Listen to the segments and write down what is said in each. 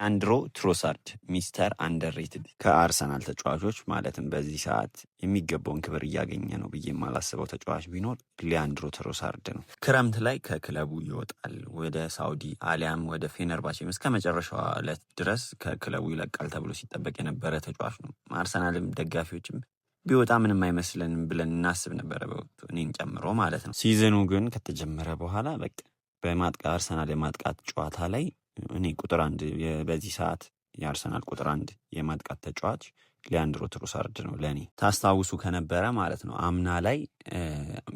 ሊያንድሮ ትሮሳርድ ሚስተር አንደርሬትድ ከአርሰናል ተጫዋቾች ማለትም በዚህ ሰዓት የሚገባውን ክብር እያገኘ ነው ብዬ የማላስበው ተጫዋች ቢኖር ሊያንድሮ ትሮሳርድ ነው። ክረምት ላይ ከክለቡ ይወጣል ወደ ሳውዲ አሊያም ወደ ፌነርባቼም እስከ መጨረሻው ዕለት ድረስ ከክለቡ ይለቃል ተብሎ ሲጠበቅ የነበረ ተጫዋች ነው። አርሰናልም ደጋፊዎችም ቢወጣ ምንም አይመስለንም ብለን እናስብ ነበረ በወቅቱ እኔን ጨምሮ ማለት ነው። ሲዝኑ ግን ከተጀመረ በኋላ በቃ በማጥቃት አርሰናል የማጥቃት ጨዋታ ላይ እኔ ቁጥር አንድ በዚህ ሰዓት የአርሰናል ቁጥር አንድ የማጥቃት ተጫዋች ሊያንድሮ ትሮሳርድ ነው ለእኔ። ታስታውሱ ከነበረ ማለት ነው አምና ላይ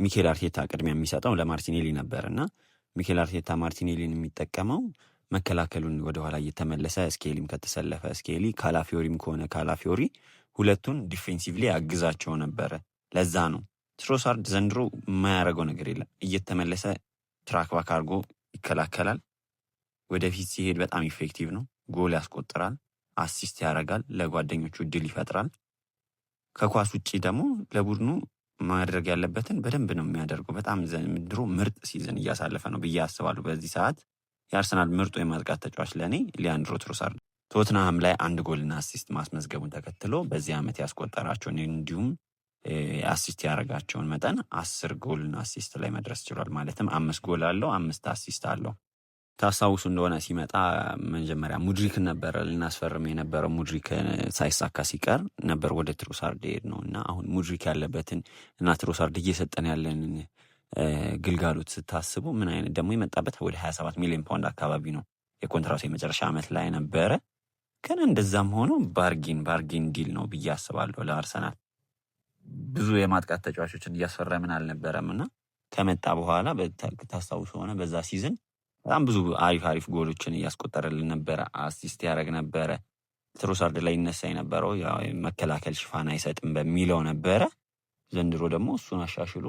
ሚኬል አርቴታ ቅድሚያ የሚሰጠው ለማርቲኔሊ ነበር እና ሚኬል አርቴታ ማርቲኔሊን የሚጠቀመው መከላከሉን ወደኋላ እየተመለሰ ስኬሊም ከተሰለፈ ስኬሊ፣ ካላፊዮሪም ከሆነ ካላፊዮሪ ሁለቱን ዲፌንሲቭሊ አግዛቸው ነበረ። ለዛ ነው ትሮሳርድ ዘንድሮ የማያደርገው ነገር የለም። እየተመለሰ ትራክ ባክ አድርጎ ይከላከላል ወደፊት ሲሄድ በጣም ኢፌክቲቭ ነው። ጎል ያስቆጥራል፣ አሲስት ያደርጋል፣ ለጓደኞቹ እድል ይፈጥራል። ከኳስ ውጭ ደግሞ ለቡድኑ ማድረግ ያለበትን በደንብ ነው የሚያደርገው። በጣም ዘንድሮ ምርጥ ሲዝን እያሳለፈ ነው ብዬ አስባለሁ። በዚህ ሰዓት የአርሰናል ምርጡ የማጥቃት ተጫዋች ለእኔ ሊያንድሮ ትሮሳርድ ቶትናሃም ላይ አንድ ጎልና አሲስት ማስመዝገቡን ተከትሎ በዚህ ዓመት ያስቆጠራቸውን እንዲሁም አሲስት ያደረጋቸውን መጠን አስር ጎልና አሲስት ላይ መድረስ ችሏል። ማለትም አምስት ጎል አለው፣ አምስት አሲስት አለው። ታስታውሱ እንደሆነ ሲመጣ መጀመሪያ ሙድሪክን ነበረ ልናስፈርም የነበረው ሙድሪክ ሳይሳካ ሲቀር ነበር ወደ ትሮሳርድ ሄድ ነው እና አሁን ሙድሪክ ያለበትን እና ትሮሳርድ እየሰጠን ያለንን ግልጋሎት ስታስቡ ምን አይነት ደግሞ የመጣበት ወደ 27 ሚሊዮን ፓውንድ አካባቢ ነው የኮንትራቱ የመጨረሻ ዓመት ላይ ነበረ። ግን እንደዛም ሆኖ ባርጊን ባርጊን ዲል ነው ብዬ አስባለሁ። ለአርሰናል ብዙ የማጥቃት ተጫዋቾችን እያስፈረምን አልነበረም እና ከመጣ በኋላ ታስታውሱ ሆነ በዛ ሲዝን በጣም ብዙ አሪፍ አሪፍ ጎሎችን እያስቆጠረልን ነበረ። አሲስት ያደረግ ነበረ። ትሮሳርድ ላይ ይነሳ የነበረው መከላከል ሽፋን አይሰጥም በሚለው ነበረ። ዘንድሮ ደግሞ እሱን አሻሽሎ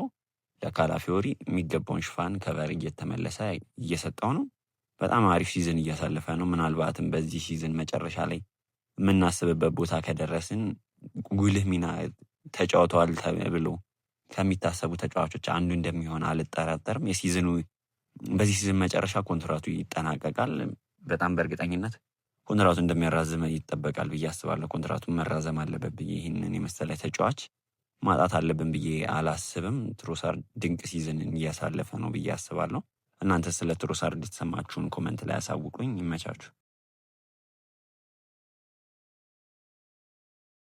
ለካላፊዮሪ የሚገባውን ሽፋን ከበር እየተመለሰ እየሰጠው ነው። በጣም አሪፍ ሲዝን እያሳለፈ ነው። ምናልባትም በዚህ ሲዝን መጨረሻ ላይ የምናስብበት ቦታ ከደረስን ጉልህ ሚና ተጫውተዋል ተብሎ ከሚታሰቡ ተጫዋቾች አንዱ እንደሚሆን አልጠራጠርም። የሲዝኑ በዚህ ሲዝን መጨረሻ ኮንትራቱ ይጠናቀቃል። በጣም በእርግጠኝነት ኮንትራቱ እንደሚያራዝም ይጠበቃል ብዬ አስባለሁ። ኮንትራቱን መራዘም አለበት ብዬ ይህንን የመሰለ ተጫዋች ማጣት አለብን ብዬ አላስብም። ትሮሳርድ ድንቅ ሲዝን እያሳለፈ ነው ብዬ አስባለሁ። እናንተ ስለ ትሮሳርድ የተሰማችሁን ኮመንት ላይ ያሳውቁኝ። ይመቻችሁ።